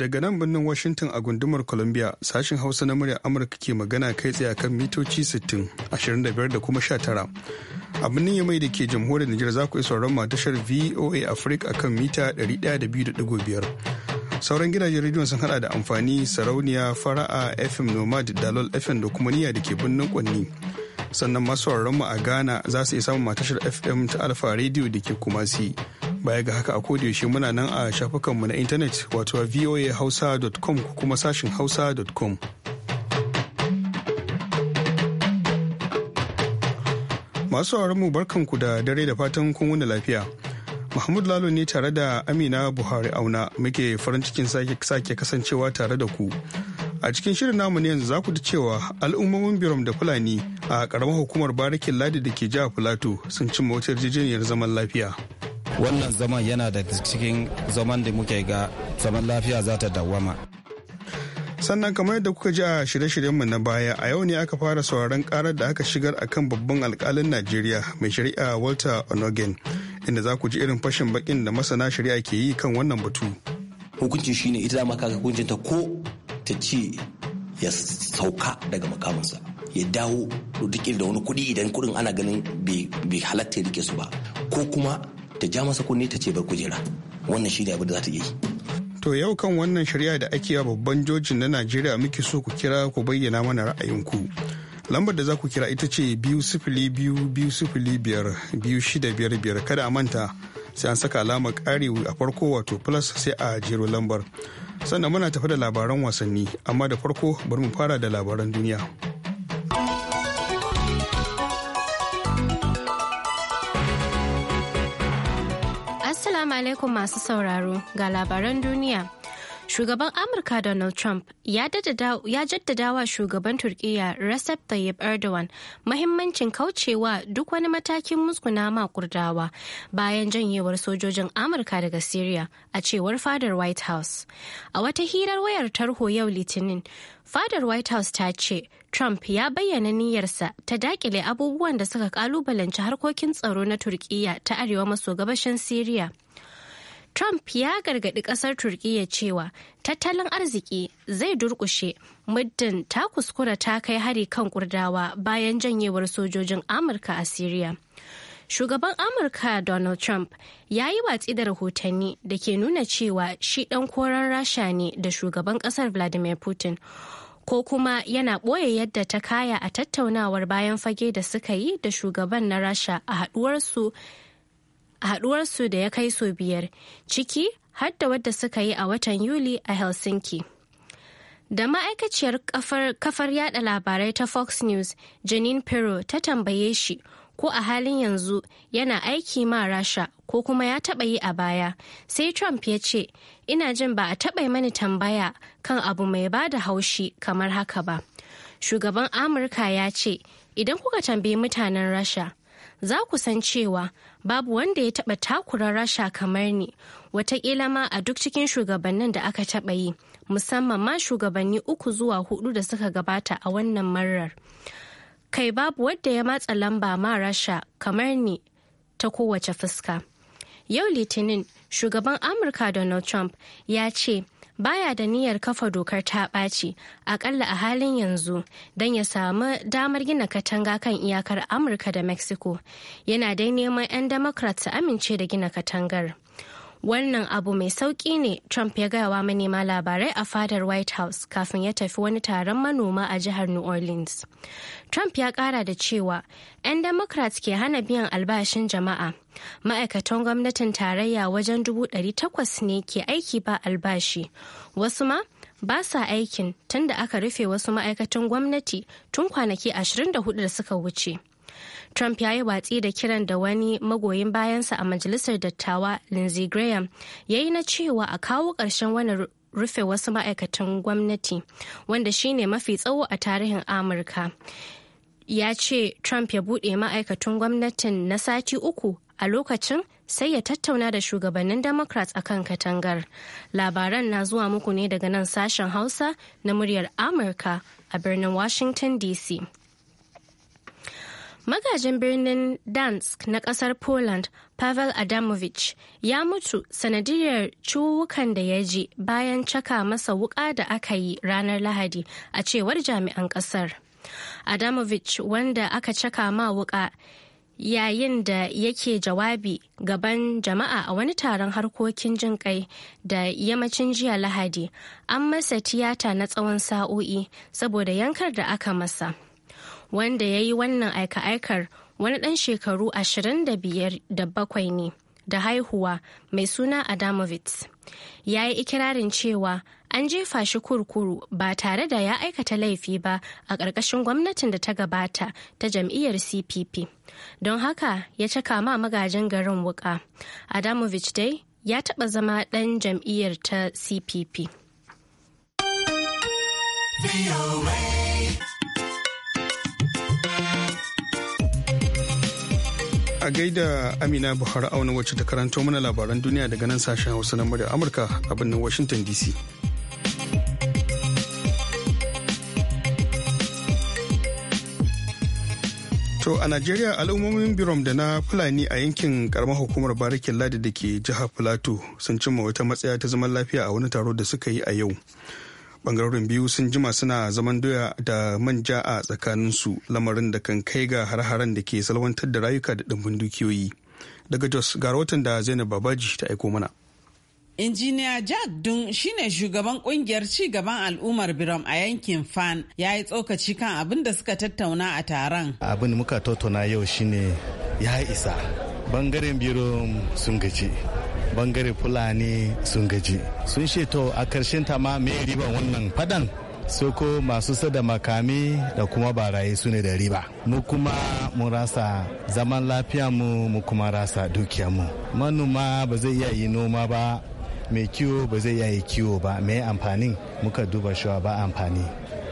daga nan birnin Washington a gundumar Columbia sashen Hausa na murya Amurka ke magana kai tsaye kan mitoci 60, 25 da kuma 19. A birnin Yamai da ke jamhuriyar Nijar za ku yi sauran tashar VOA Africa a kan mita 102.5. Sauran gidajen rediyon sun hada da amfani sarauniya fara'a FM Nomad Dalol FM da kuma niyya da ke birnin Kwanni. Sannan masu mu a Ghana za su iya samun matashar FM ta Alfa Radio da ke Kumasi. baya ga haka a yaushe muna nan a shafukanmu na intanet wato a voahausa.com ko kuma sashin hausa.com masu mu barkanku da dare da fatan kun wuni lafiya Mahmud Lalo ne tare da Amina Buhari Auna muke farin cikin sake kasancewa tare da ku. A cikin shirin namu ne yanzu za ku ji cewa al'ummomin biram da Fulani a ƙaramar hukumar barikin ladi da ke jihar Filato sun cimma wata yarjejeniyar zaman lafiya. wannan zaman yana da cikin zaman da muke ga zaman lafiya za ta dawwama sannan kamar yadda kuka ji a shirye-shiryenmu na baya a yau ne aka fara sauraron karar da aka shigar akan babban alkalin najeriya mai shari'a walter onogen inda za ku ji irin fashin bakin da masana shari'a ke yi kan wannan batu hukunci shine ita dama kaga ta ko ta ce ya sauka daga makamansa ya dawo da da wani kuɗi idan kuɗin ana ganin bai halatta ya rike su ba ko kuma ta ja masa kunne ta ce bar kujera wannan shi ne abin da za ta yi to yau kan wannan shari'a da ake wa babban jojin na najeriya muke so ku kira ku bayyana mana ra'ayinku lambar da za ku kira ita ce biyu sifili biyu biyu sifili biyar biyu shida biyar biyar kada a manta sai an saka alamar karewa a farko wato plus sai a jero lambar sannan muna tafi da labaran wasanni amma da farko bari mu fara da labaran duniya. Assalamu alaikum masu sauraro ga labaran duniya. Shugaban Amurka Donald Trump ya jaddada wa shugaban Turkiyya Recep Tayyip Erdogan mahimmancin kaucewa duk wani matakin muskuna ma kurdawa bayan janyewar sojojin Amurka daga Syria a cewar fadar White House. A wata hirar wayar tarho yau Litinin, fadar White House ta ce Trump ya bayyana niyyarsa ta dakile abubuwan da suka kalubalanci harkokin tsaro na Turkiyya ta arewa maso gabashin Syria. Trump ya gargaɗi ƙasar Turkiyya cewa tattalin arziki zai durƙushe muddin ta kuskura ta kai hari kan kurdawa bayan janyewar sojojin Amurka a Siriya. Shugaban Amurka Donald Trump ya yi watsi da rahotanni da ke nuna cewa shi ɗan koren Rasha ne da shugaban ƙasar Vladimir Putin. Ko kuma yana ɓoye yadda ta kaya a tattaunawar bayan fage da suka yi da shugaban na Rasha a haɗuwarsu a haɗuwarsu da ya kai sau biyar ciki har da wadda suka yi a watan yuli a helsinki da ma'aikaciyar kafar yada labarai ta fox news janine pirro ta tambaye shi ko a halin yanzu yana aiki ma rasha ko kuma ya taɓa yi a baya sai trump ya ce ina jin ba a taɓa mani tambaya kan abu mai ba da haushi kamar haka ba shugaban amurka ya ce idan kuka tambayi mutanen rasha za ku san cewa babu wanda ya taɓa takura rasha kamar ni watakila ma a duk cikin shugabannin da aka taɓa yi musamman ma shugabanni uku zuwa hudu da suka gabata a wannan marar kai babu wadda ya matsa lamba ma rasha kamar ni ta kowace fuska yau litinin shugaban amurka donald trump ya ce baya da niyyar kafa dokar ta ɓaci akalla a halin yanzu don ya samu damar gina katanga kan iyakar amurka da mexico yana dai neman 'yan democrat su amince da gina katangar wannan abu mai sauki ne trump ya gaya wa manema labarai a fadar white house kafin ya tafi wani taron manoma a jihar new orleans trump ya kara da cewa 'yan democrats ke hana biyan albashin jama'a ma'aikatan gwamnatin tarayya wajen dubu takwas ne ke aiki ba albashi wasu ma ba sa aikin tunda aka rufe wasu ma'aikatan gwamnati tun kwanaki 24 da suka wuce Trump ya yi watsi da kiran da wani magoyin bayansa a majalisar dattawa Lindsey Graham ya yi na cewa a kawo ƙarshen wani rufe wasu ma'aikatan gwamnati wanda shi ne mafi tsawo a tarihin Amurka. Ya ce Trump ya buɗe ma'aikatan gwamnatin na sati uku a lokacin sai ya tattauna da shugabannin Democrats a kan katangar. Labaran na zuwa muku ne daga nan sashen Hausa na muryar Amurka a birnin Washington DC. Magajin birnin Dansk na kasar Poland, Pavel Adamovich, ya mutu sanadiyar ciwukan da ya ji bayan caka masa wuka da aka yi ranar Lahadi a cewar jami'an kasar. Adamovich wanda aka caka ma wuƙa yayin da yake jawabi gaban jama'a a wani taron harkokin jin kai da yammacin jiya lahadi an masa tiyata na tsawon sa'o'i saboda yankar da aka masa. wanda ya yi wannan aika-aikar wani ɗan shekaru 25 da bakwai ne da haihuwa mai suna Adamovitz. Ya yi ikirarin cewa an jefa shi kurkuru ba tare da ya aikata laifi ba a ƙarƙashin gwamnatin da ta gabata ta jam'iyyar CPP. Don haka ya caka ma magajin garin wuƙa. Adamovich dai ya taɓa zama ɗan jam'iyyar ta CPP. a gaida amina buhari auna wacce ta karanto mana labaran duniya daga nan sashen hausa na murya amurka a birnin washington dc To a Najeriya al'ummomin Birom da na Fulani a yankin karamar hukumar barikin ladi da ke jihar plateau sun cimma wata matsaya ta zaman lafiya a wani taro da suka yi a yau. bangarorin biyu sun jima suna zaman doya da manja a tsakaninsu lamarin da kan kai ga har-haren da ke salwantar da rayuka da ɗumbin dukiyoyi daga jos ga rahoton da zainab babaji ta aiko mana injiniya jack dun shine shugaban kungiyar gaban al'ummar birom a yankin fan ya yi tsokaci kan abin da suka tattauna a taron abin muka tattauna yau shine ya isa bangaren birom sun gaji bangare fulani sun gaji sun to a karshen ta ma me riban wannan fadan soko masu sada makami da kuma barayi su ne da riba mu kuma mu rasa zaman lafiya mu mu kuma rasa dukiya mu manoma ba zai iya yi noma ba mai kiwo ba zai iya yi kiwo ba mai amfanin muka duba shawa ba amfani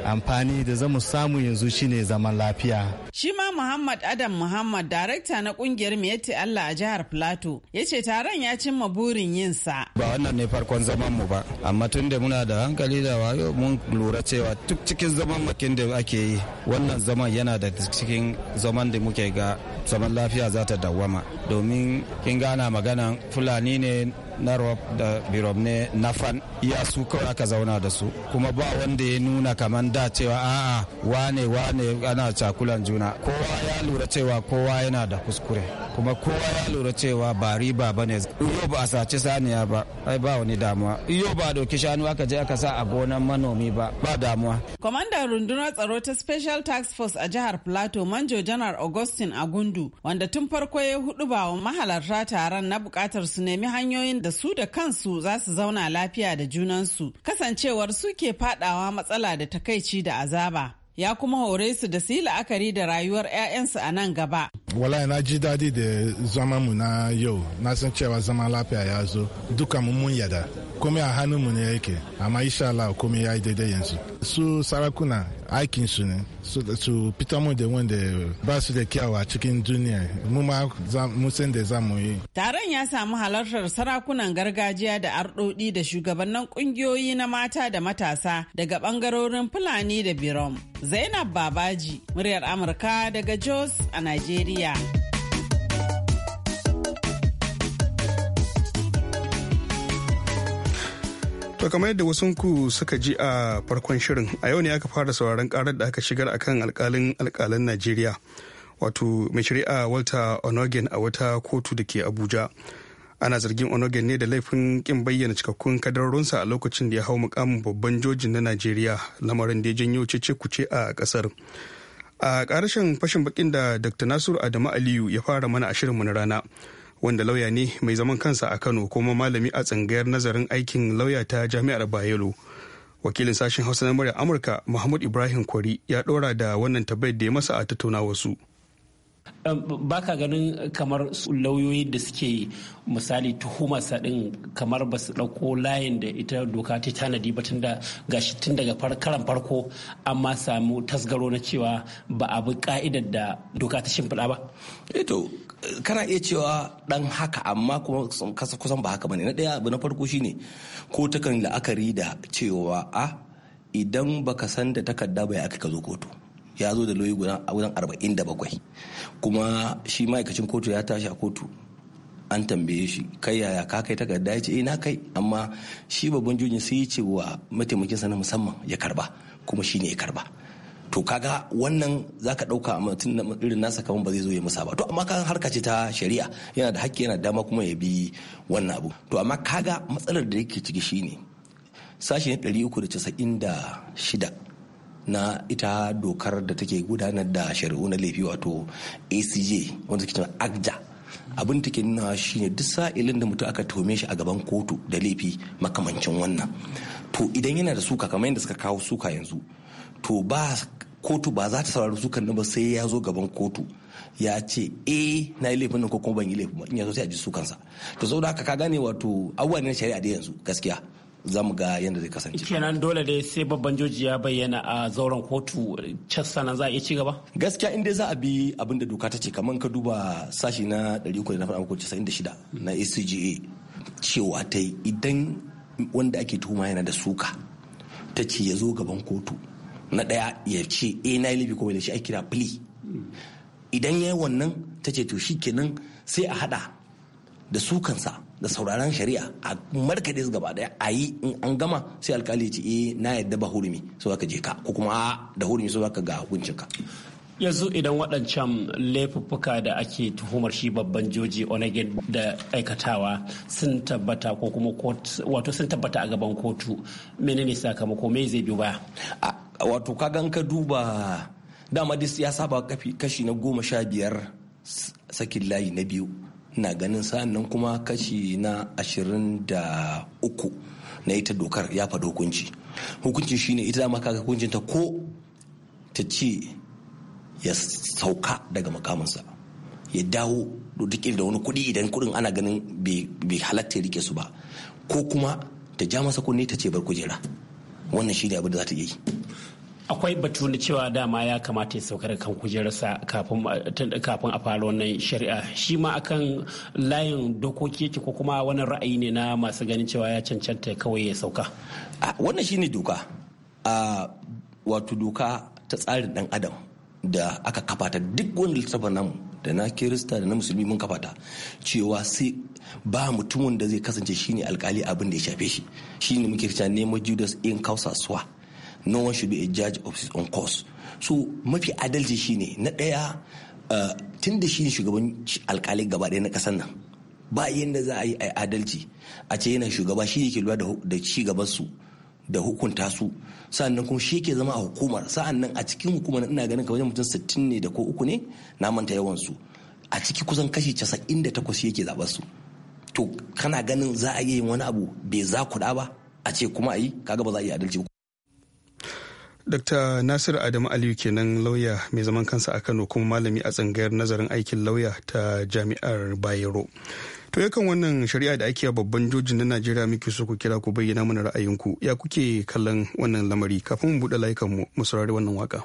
amfani da zamu samu yanzu shine zaman lafiya. Shi ma Muhammad Adam Muhammad, darekta na kungiyar Miyatti Allah a jihar Plateau, ya ce taron ya cimma burin yinsa. Ba wannan ne farkon zaman mu ba, amma tun da muna da hankali da wayo mun lura cewa duk cikin zaman makin da ake yi wannan zaman yana da cikin zaman da muke ga zaman lafiya za ta dawama domin kin gana magana Fulani ne na rob da birob ne na fan iya su kawai aka zauna da su kuma ba wanda ya nuna kamar da cewa a'a wane wane ana cakulan juna kowa ya lura cewa kowa yana da kuskure kuma kowa ya lura cewa ba riba ba ne iyo ba a saci saniya ba ai ba wani damuwa iyo ba a doki shanu aka je aka sa a gonan manomi ba ba damuwa kwamandan rundunar tsaro ta special task force a jihar plateau manjo janar augustin agundu wanda tun farko ya hudu ba wa mahalarta taron na bukatar su nemi hanyoyin da su da kansu za su zauna lafiya da junansu kasancewar su ke fadawa matsala da takaici da azaba ya kuma hore su da su yi la'akari da rayuwar 'ya'yansu a nan gaba. Wala na ji daɗi da zama mu na yau, na san cewa zama lafiya ya zo, duka mu mun yada, komai a hannun mu ne yake, amma insha Allah komai ya yi daidai yanzu. Su sarakuna aikin su ne su fita mu da wanda ba su da a cikin duniya mu ma mu san da za yi taron ya samu halartar sarakunan gargajiya da arɗoɗi da shugabannin ƙungiyoyi na mata da matasa daga ɓangarorin fulani da birom zainab babaji muryar amurka daga jos a nigeria. To kamar yadda wasu ku suka ji a farkon shirin a yau ne aka fara sauraron karar da aka shigar akan alkalin alkalan Najeriya wato mai shari'a Walter Onogen a wata kotu da ke Abuja. Ana zargin Onogen ne da laifin kin bayyana cikakkun kadarorinsa a lokacin da ya hau mukamin babban jojin na Najeriya lamarin da ya janyo cece kuce a kasar. A karshen fashin bakin da Dr. Nasiru Adamu Aliyu ya fara mana a shirinmu na rana. wanda lauya ne mai zaman kansa a kano kuma malami a tsangayar nazarin aikin lauya ta jami'ar bayelo wakilin sashen hausa na murya amurka mahmud ibrahim kwari ya ɗora da wannan tabbai da ya masa a tattauna wasu ba ka ganin kamar lauyoyi da suke misali tuhumarsa din kamar ba su ɗauko layin da ita doka ta tanadi ba tun da gashi tun daga karan farko amma samu tasgaro na cewa ba a bi ka'idar da doka ta shimfiɗa ba? Eh kana iya cewa dan haka amma kuma kusan ba haka bane na daya abu na farko shine ko takan la'akari da cewa a idan baka san da takarda bai aka ka zo kotu ya zo da loyi gudan arba'in da bakwai kuma shi ma'aikacin kotu ya tashi a kotu an tambaye shi kai yaya ka kai takarda ya ce ina eh, kai amma shi babban jujin sai ya ce wa mataimakinsa na musamman ya karba kuma shi ya karba to kaga wannan ka dauka a mutum na irin nasa kaman ba zai zo ya musa ba to amma kan harka ce ta shari'a yana da haƙƙi yana da dama kuma ya bi wannan abu to amma kaga matsalar da yake ciki shine sashi na shida na ita dokar da take gudanar da shari'u na laifi wato acj wanda suke cewa agja abin take nuna shine duk sa'ilin da mutum aka tome shi a gaban kotu da laifi makamancin wannan to idan yana da suka kamar yadda suka kawo suka yanzu to ba kotu ba za ta saurari sukan na ba sai ya zo gaban kotu ya ce eh na yi laifin nan ko kuma ban yi laifin ba in ya zo sai a ji sukansa to saboda haka ka gane wato abubuwa ne na shari'a da yanzu gaskiya za mu ga yadda zai kasance. kenan dole dai sai babban joji ya bayyana a zauren kotu can sanan za a iya cigaba? gaskiya in dai za a bi abin da doka ta ce kamar ka duba sashi na 396 na acga cewa ta yi idan wanda ake tuhuma yana da suka ta ce ya zo gaban kotu na ɗaya ya ce eh na yi ko da shi a kira pli idan ya yi wannan ta ce to shi kenan sai a hada da su kansa da sauraron shari'a a markaɗe su gaba daya a yi in an gama sai alkali ce eh na yadda ba hurumi so zaka je ka ko kuma da hurumi so zaka ga hukuncin ka yanzu idan waɗancan laifuffuka da ake tuhumar shi babban joji onegin da aikatawa sun tabbata ko kuma wato sun tabbata a gaban kotu menene sakamako me zai biyo baya wato kagan ka duba dama dis ya saba kashi na goma sha biyar sakin layi na biyu na ganin sa'annan kuma kashi na ashirin da uku na ita dokar ya faɗi hukunci hukuncin shine ita dama kaga ta ko ta ce ya sauka daga makamansa ya dawo duk da wani kuɗi idan kuɗin ana ganin bai halatta ya rike su ba ko kuma ta ja masa kunne ta ce bar kujera wannan shi ne abin da za ta yi akwai batu na cewa dama ya kamata ya sauka da kan kujerarsa uh, kafin a fara wannan shari'a shi ma akan layin dokoki yake ko kuma wani ra'ayi ne na masu ganin cewa ya cancanta kawai ya sauka wannan shi ne doka wato doka ta tsarin dan adam da aka kafata duk wani littafin namu da na kirista da na musulmi mun kafata cewa sai ba mutumin da zai kasance shine alkali abin da ya shafe shi shine muke cewa nemo judas in kausa suwa no one should be a judge of his own cause so mafi adalci shine na ɗaya eh, tun da shi shugaban alkali gaba ɗaya na ƙasar nan ba yadda za a yi adalci a ce yana shugaba shi ke lura da ci su da hukunta su sa'annan kuma shi ke zama a hukumar sa'annan a cikin hukumar ina ganin kamar mutum sittin ne da ko uku ne na manta yawan su a ciki kusan kashi casa'in da takwas yake zaɓar su to kana ganin za a yi yin wani abu bai za kuɗa ba a ce kuma a yi kaga ba za a yi adalci ba Dr. Nasir Adamu Aliyu kenan lauya mai zaman kansa a Kano kuma malami a tsangayar nazarin aikin lauya ta Jami'ar Bayero. To yakan wannan shari'a da ake a babban jojin na Najeriya muke so ku kira ku bayyana mana ra'ayinku ya kuke kallon wannan lamari kafin mu buɗe layukan mu mu saurari wannan waka.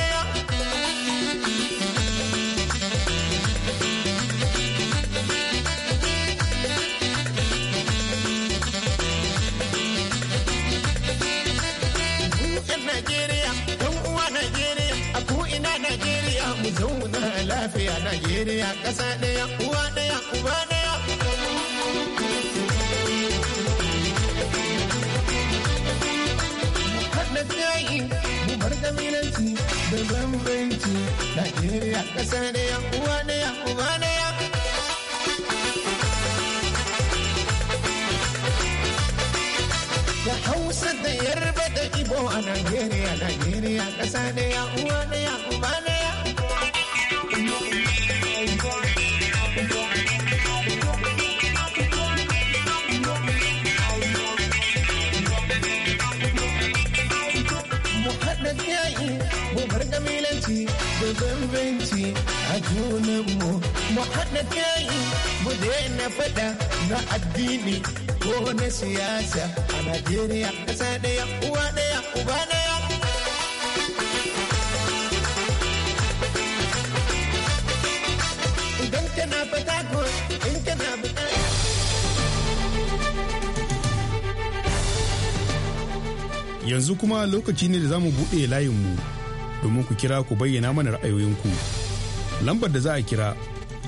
zauna lafiya Najeriya ƙasa ɗaya uwa ɗaya uba ɗaya. Haɗa jayi mu bar ƙabilanci da bambanci Najeriya ƙasa ɗaya uwa ɗaya uba ɗaya. Da Hausa da Yarba da Ibo a Najeriya, Najeriya ƙasa ɗaya uwa ɗaya uba ɗaya. na faɗa na addini ko na siyasa a Najeriya ƙasa ɗaya uwa ɗaya uba ɗaya. Idan kana fata ko in kana fita. Yanzu kuma lokaci ne da za mu buɗe layinmu domin ku kira ku bayyana mana ra'ayoyinku. Lambar da za a kira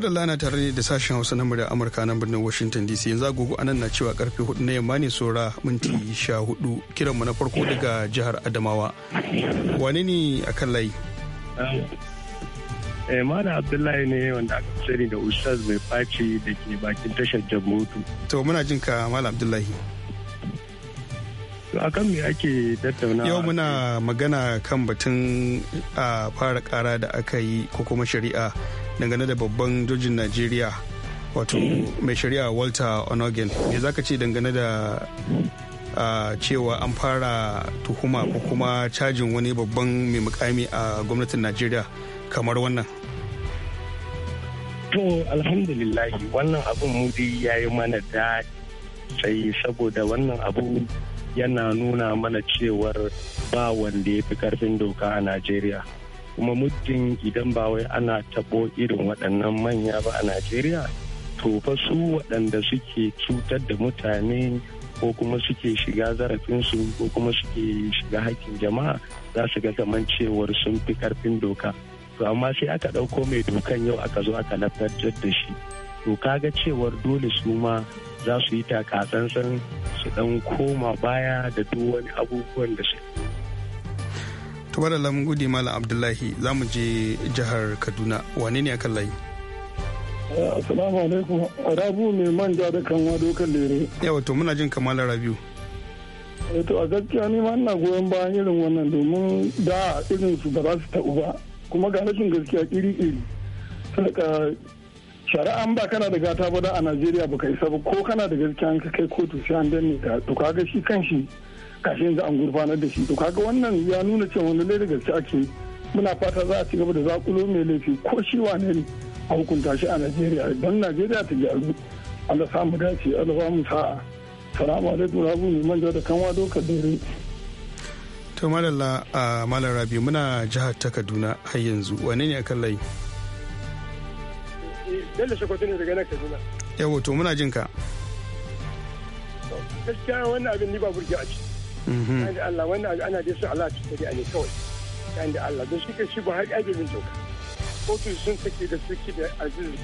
da na tare da sashen hausa na murya amurka nan birnin washington dc yanzu agogo anan na cewa karfe hudu na yamma ne saura minti sha hudu kiranmu na farko daga jihar adamawa wane ne a kan layi eh, eh, Mana Abdullahi ne wanda aka sani da Ustaz mai faci da ke bakin tashar Jamhutu. To muna jin ka Malam Abdullahi. To kan me ake tattauna Yau muna magana kan batun a fara kara da aka yi ko kuma shari'a dangane da babban jojin najeriya wato mai shari'a walter Onogin. me za ka ce dangane da cewa an fara tuhuma ko kuma cajin wani babban mai mukami a gwamnatin najeriya kamar wannan to alhamdulillahi wannan abin mudi ya yi mana da sai saboda wannan abu yana nuna mana cewar ba wanda ya fi karfin doka a najeriya kuma muddin idan ba wai ana taɓo irin waɗannan manya ba a najeriya to fa su waɗanda suke cutar da mutane ko kuma suke shiga zarafinsu ko kuma suke shiga hakkin jama'a za su ga zaman cewar sun fi karfin doka to amma sai aka ɗauko mai dokan yau aka zo aka lafarjar da shi to kaga cewar dole su ma za su yi takatsantsan su ɗan koma baya da duk wani abubuwan da su tabar da lamun malam abdullahi za mu je jihar kaduna wane ne akan layi assalamu alaikum rabu mai manja da kan wado kan lere yawa to muna jin kamalar rabiu eh, to a gaskiya ni ma ina goyon bayan irin wannan domin da irin su ba za su taɓu ba kuma ga rashin gaskiya iri iri saka shari'an ba kana da gata ba da a najeriya ba kai sabu ko kana da gaskiya ka kai kotu sai an danne ka to kaga shi kan shi kashe yanzu an gurfanar da shi to kaga wannan ya nuna cewa wani da gaske ake muna fata za a ci gaba da zakulo mai laifi ko shi wane ne a hukunta shi a najeriya don najeriya ta gyaru allah samu dace allah ba mu sa'a salamu alaikum rabu mai manja da kanwa doka dare to malalla a malar rabi muna jihar ta kaduna har yanzu wane ne akan layi Bello Sokoto ne daga nan Kaduna. Yawo to muna jin ka. Gaskiya wannan abin ni ba burgi a ciki. Mhm. kan da Allah wannan ana dai su Allah ta a ne kawai kan da Allah don shi kan shi ba har ƙaƙi min doka kotu sun sake da suke da azizi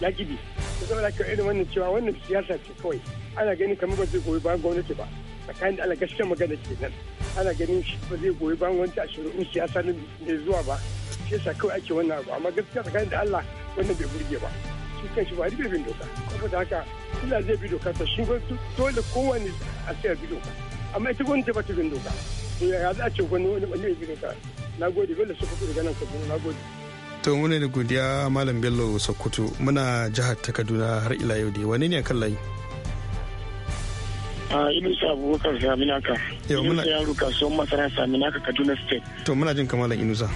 ya gibi da zama da irin wannan cewa wannan siyasa ce kawai ana gani kamar ba zai goyi bayan gwamnati ba tsakanin da Allah gaskiyar magana ke nan. ana ganin shi ba zai goyi bayan wani a shari'un siyasa na mai zuwa ba shi yasa kawai ake wannan abu amma gaskiya tsakanin da Allah wannan bai burge ba shi kan shi ba har bai bin doka saboda haka ina zai bi doka ta shi dole kowane a sai bi doka amma ita gwamnati ba ta bin doka to ya za a ce wani wani wani bin doka na gode bello sokoto da nan na gode to muna da godiya malam bello sokoto muna jihar ta kaduna har ila yau dai wani ne a kan layi Inusa Abubakar Saminaka. Yau sa yaro kasuwan masara Saminaka Kaduna State. To muna jin kamalan Inusa.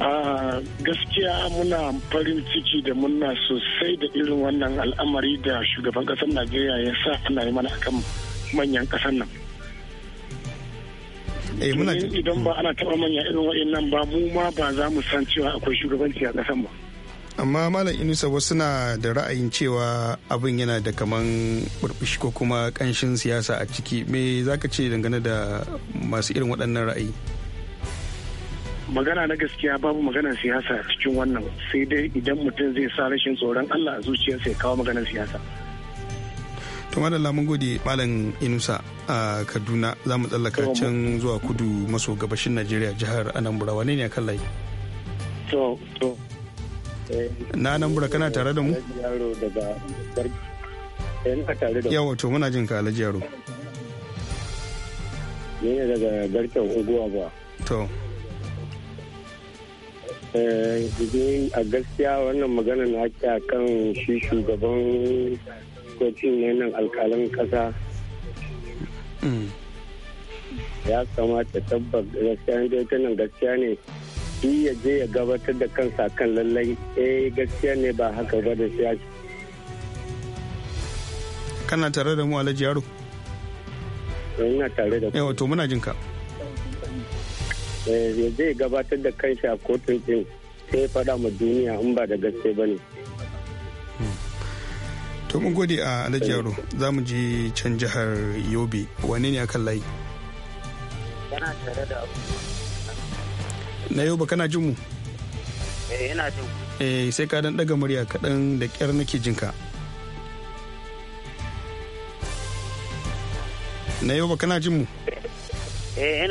a gaskiya muna farin ciki da muna sosai da irin wannan al'amari da shugaban kasar najeriya ya sa ana yi mana akan manyan kasan nan eh, idan ba mm. ana taɓa manya irin waɗannan ba mu ma ba za mu san cewa akwai shugabanci a kasan ba amma malam inusa wasu suna da ra'ayin cewa abin yana da kaman burbushi ko kuma kanshin siyasa a ciki me zaka ce dangane da masu irin waɗannan ra'ayi magana na gaskiya babu magana siyasa cikin wannan sai dai idan mutum zai sa rashin tsoron allah a zuciyarsa ya kawo maganar siyasa to madalla mun gode malam inusa a kaduna za mu tsallaka can zuwa kudu maso gabashin najeriya jihar anambra wane ne kan layi na anambra kana tare da mu eh, yawa to muna jin ka alhaji yaro ne daga garken uguwa ba to eh, a gaskiya wannan magana na ake kan shi shugaban kwakwacin yanan alkalin kasa mm. ya kamata tabbas gaskiya ne ta nan gaskiya ne shi ya je ya gabatar da kansa kan lallai eh gaskiya ne ba haka ba da siya kana tare da mu alhaji yaro ina tare da yawa to muna jinka eh, ya je ya gabatar da kansa a kotun din sai faɗa ma duniya in ba da gaske ba ne to mun gode a alhaji yaro za mu je can jihar yobe wane ne akan layi kana tare da na yobe kana jin mu eh jin eh sai ka dan daga murya kaɗan da kyar nake jin ka na yobe kana jin mu eh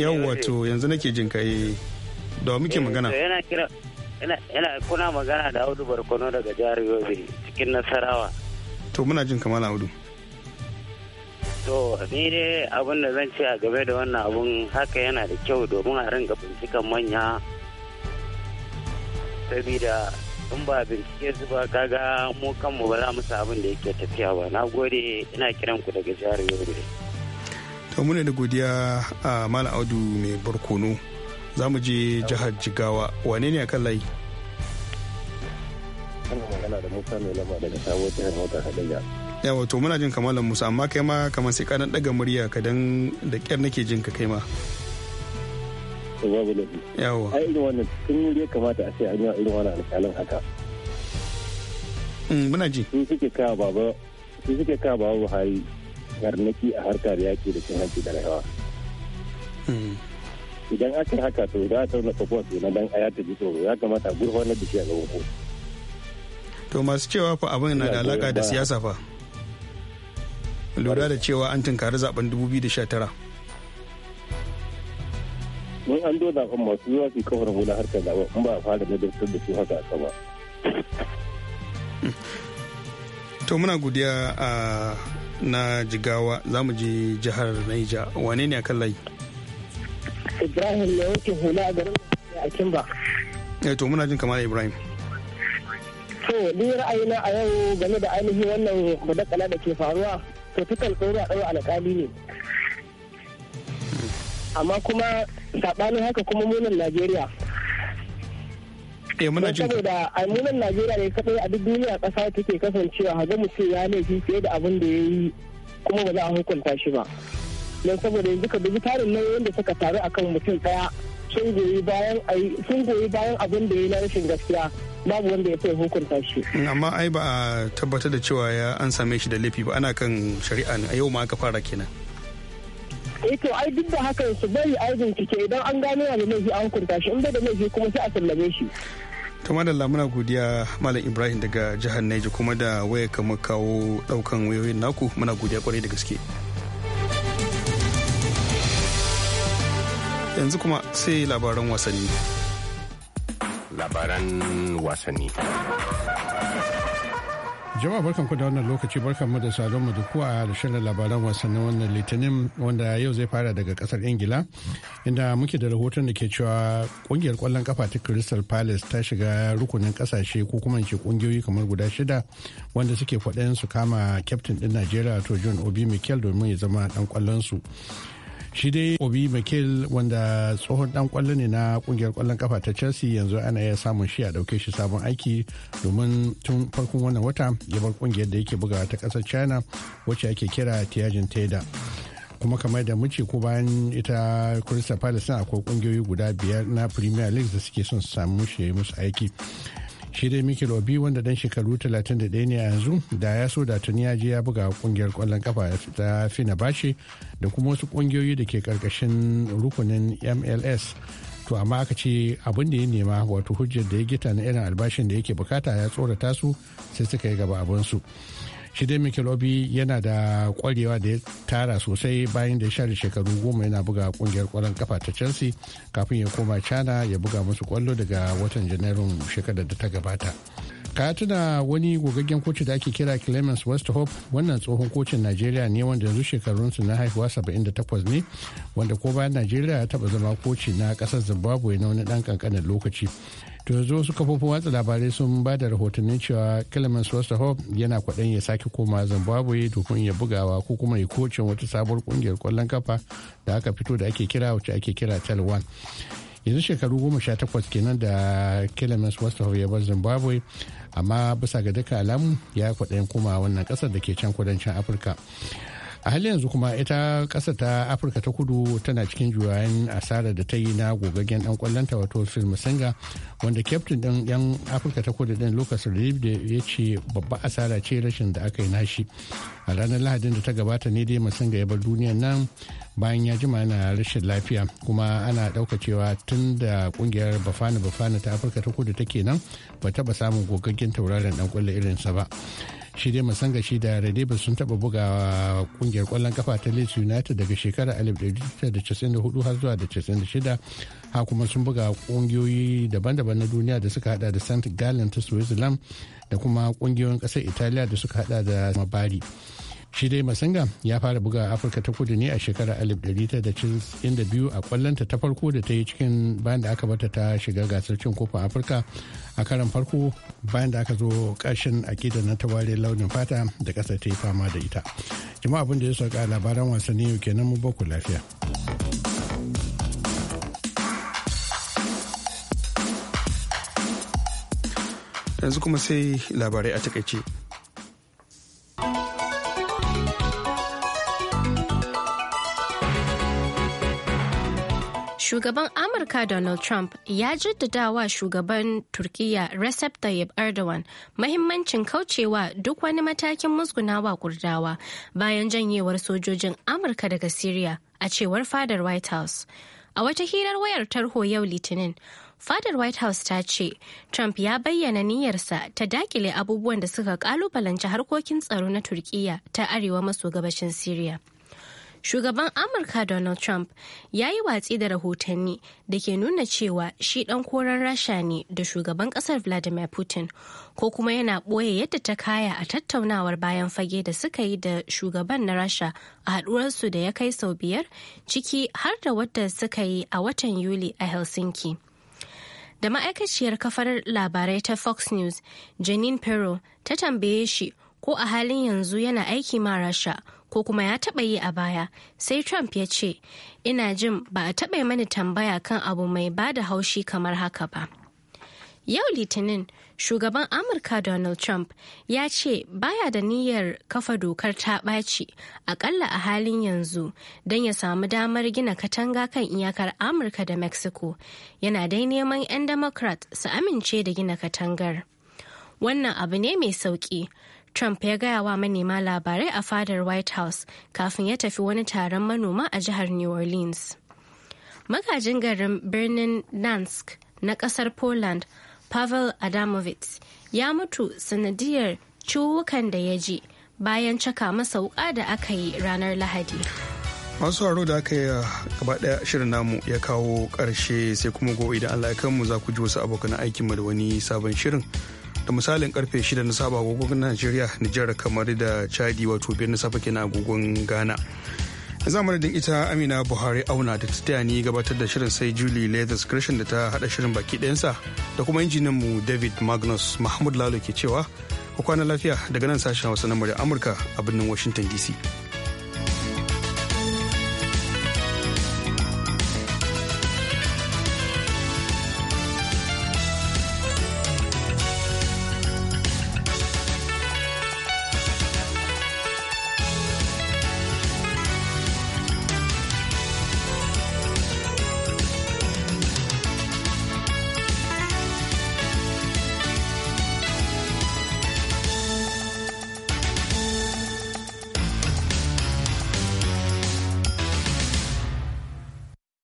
yau wato yanzu nake jin ka eh da muke eh, magana yana kira Ina kuna magana da Audu Barkono daga jihar Yobe cikin Nasarawa. To muna jin kamar Audu. To ni dai abin da zan ce a game da wannan abun haka yana da kyau domin a ringa binciken manya. Sabida in ba bincike su ba kaga mu kanmu ba za mu sa abin da yake tafiya ba. Na gode ina kiran ku daga jihar Yobe. To muna da godiya a ah, Malam Audu mai barkono. za mu je jihar jigawa wane ne a kan layi ya wato muna jin kamalan musa amma kai ma kamar sai kanan daga murya ka dan da kyar nake jin ka kai ma yawa ai irin wannan sun yi kamata a ce an yi irin wannan alƙalin haka mm, muna ji sun suke kawo baba sun suke kawo baba buhari garnaki a harkar yaƙi da cin hanci da rayuwa mm. idan ake haka to za a tauna kafuwa su na dan aya ta ji ya kamata a gurfanar da shi a to masu cewa fa abin na da alaka da siyasa fa lura da cewa an tunkari zaben 2019 mun an doza kan masu zuwa su kawar hula harkar zaben in ba a fara nadartar da su haka a to muna godiya a ah, na jigawa za mu ji jihar naija wane ne a kan layi Ibrahim mai yake hula a garin a Kimba. Eh to muna jin kamar Ibrahim. To ni ra'ayina a yau game da ainihin wannan madakala da ke faruwa to tukan tsoro a ɗaura alƙali ne. Amma kuma saɓanin haka kuma munin Najeriya. Eh muna jin saboda munin Najeriya ne kaɗai a duk duniya ƙasa take kasancewa haga mutum ya laifi fiye da abin da ya yi kuma ba za a hukunta shi ba. don saboda yanzu ka dubi tarin nauyin da suka taru akan mutum daya sun goyi bayan sun goyi bayan abin da ya na rashin gaskiya babu wanda ya fi hukunta shi. amma ai ba a tabbatar da cewa ya an same shi da laifi ba ana kan shari'a ne a yau ma aka fara kenan. eh to ai duk da haka su bari ai bincike idan an gano yana da laifi an hukunta shi in ba da laifi kuma sai a sallame shi. ta madalla muna godiya malam ibrahim daga jihar naija kuma da waya kama kawo daukan wayoyin naku muna godiya kwarai da gaske. yanzu kuma sai labaran wasanni labaran wasanni jama'a barkan ku da wannan lokaci barkan mu da salon mu duku a shirin labaran wasannin wannan litinin wanda yau zai fara daga kasar ingila inda muke da rahoton da ke cewa kungiyar kwallon kafa ta crystal palace ta shiga rukunin kasashe ko kuma ce kungiyoyi kamar guda shida wanda suke faɗin su kama kyaftin din najeriya to john obi mikel domin ya zama dan kwallon su shi dai obi mikel wanda tsohon dan kwallo ne na kungiyar kwallon kafa ta chelsea yanzu ana iya samun shi a dauke shi sabon aiki domin tun farkon wannan wata ya bar kungiyar da yake bugawa ta kasar china wacce ake kira tiyajin teda kuma kamar da muce ko bayan ita crystal palace akwai kungiyoyi guda biyar na premier league da suke son su samu shi musu aiki shi dai mikel obi wanda dan shekaru 31 ne yanzu da ya so da tuni ya je ya buga kungiyar kwallon kafa ta na bashi da kuma wasu kungiyoyi da ke karkashin rukunin mls to amma aka ce abin da ya nema wato hujjar da ya gita na irin albashin da yake bukata ya tsorata su sai suka yi gaba abinsu su shi mikelobi yana da kwarewa da ya tara sosai bayan da ya share shekaru goma yana buga kungiyar kwallon kafa ta chelsea kafin ya koma china ya buga musu kwallo daga watan janairun shekarar da ta gabata ka tuna wani gogaggen koci da ake kira clemens westhoff wannan tsohon kocin najeriya ne wanda yanzu shekarunsu na haihuwa 78 ne wanda ko bayan najeriya ya taba zama koci na kasar zimbabwe na wani dan kankanin lokaci to yanzu wasu kafofin watsa labarai sun ba da rahotannin cewa clemens hop yana kwaɗan ya sake koma zimbabwe domin ya bugawa ko kuma ya kocin wata sabuwar kungiyar kwallon kafa da aka fito da ake kira wacce ake kira tel talwan yanzu shekaru goma sha takwas kenan da clemens westerhoff ya bar zimbabwe amma bisa ga duka alamu ya kwaɗayin koma wannan ƙasar da ke can kudancin afirka a halin yanzu kuma ita ƙasa ta afirka ta kudu tana cikin juyayen asarar da ta yi na gogaggen dan kwallonta wato film singa wanda kyaftin din yan afirka ta kudu din lucas da ya ce babba asara ce rashin da aka yi nashi a ranar lahadin da ta gabata ne dai masinga ya bar duniyan nan bayan ya jima na rashin lafiya kuma ana ɗauka cewa tun da kungiyar bafana bafana ta afirka ta kudu take nan ba taba samun gogaggen tauraron dan kwallo irinsa ba shi dai masanga shi da Redeba sun taba buga kungiyar kwallon kafa ta Leeds United daga shekarar 1994 har zuwa da 96 ha kuma sun buga kungiyoyi daban-daban na duniya da suka hada da St. Gallen ta Switzerland da kuma kungiyoyin kasar Italiya da suka hada da Mabari. shi dai masanga ya fara buga afirka ta kudu ne a shekarar 1992 a kwallonta ta farko da ta yi cikin bayan da aka bata ta shiga gasar cin kofin afirka a karan farko bayan da aka zo ƙarshen akida na taware launin fata da ƙasa ta yi fama da ita jama'a abin da ya sauka labaran wasanni yau kenan mu baku lafiya yanzu kuma sai labarai a takaice Shugaban Amurka Donald Trump ya jaddada wa shugaban Turkiyya Recep Tayyip Erdogan mahimmancin kaucewa duk wani matakin musgunawa kurdawa bayan janyewar sojojin Amurka daga Syria, a cewar fadar White House. A wata hirar wayar tarho yau Litinin, fadar White House ta ce Trump ya bayyana niyyarsa ta dakile abubuwan da suka kalubalanci harkokin tsaro na Turkiyya ta arewa maso gabashin Syria. shugaban amurka donald trump ya yi watsi da rahotanni da ke nuna cewa shi dan koren rasha ne da shugaban kasar vladimir putin ko kuma yana ɓoye yadda ta kaya a tattaunawar bayan fage da suka yi da shugaban na rasha a haɗuwarsu da ya kai sau biyar ciki har da wadda suka yi a watan yuli a helsinki da ma'aikaciyar kafar labarai ta fox news janine perro ta tambaye shi ko a halin yanzu yana aiki ma rasha ko kuma ya taɓa yi a baya sai trump ya ce ina jin ba a taɓa mani tambaya kan abu mai ba da haushi kamar haka ba yau litinin shugaban amurka donald trump ya ce baya da niyyar kafa dokar ta ɓaci aƙalla a halin yanzu don ya samu damar gina katanga kan iyakar amurka da mexico yana dai neman 'yan democrat su amince da gina katangar wannan abu ne mai sauki Trump ya gaya wa manema labarai a fadar White House kafin ya tafi wani taron manoma a jihar New Orleans. Magajin garin birnin Dansk na kasar Poland, Pavel adamovic ya mutu sanadiyar ciwukan da ya ji bayan caka masa wuka da aka yi ranar Lahadi. masu haro da aka yi uh, gaba daya shirin namu ya kawo karshe sai kuma gobe idan Allah ya kanmu za ku ji wasu abokan aikinmu da wani sabon shirin. da misalin karfe shida na saba agogon Najeriya, Nijar kamar da Chadi wato biyar na safe kenan agogon Ghana. zamanin ita Amina Buhari auna da ta taya ni gabatar da shirin sai Julie Leathers Christian da ta hada shirin baki ɗayansa da kuma injinin mu David Magnus Mahmud Lalo ke cewa ku kwana lafiya daga nan sashen Hausa na Amurka a birnin Washington DC.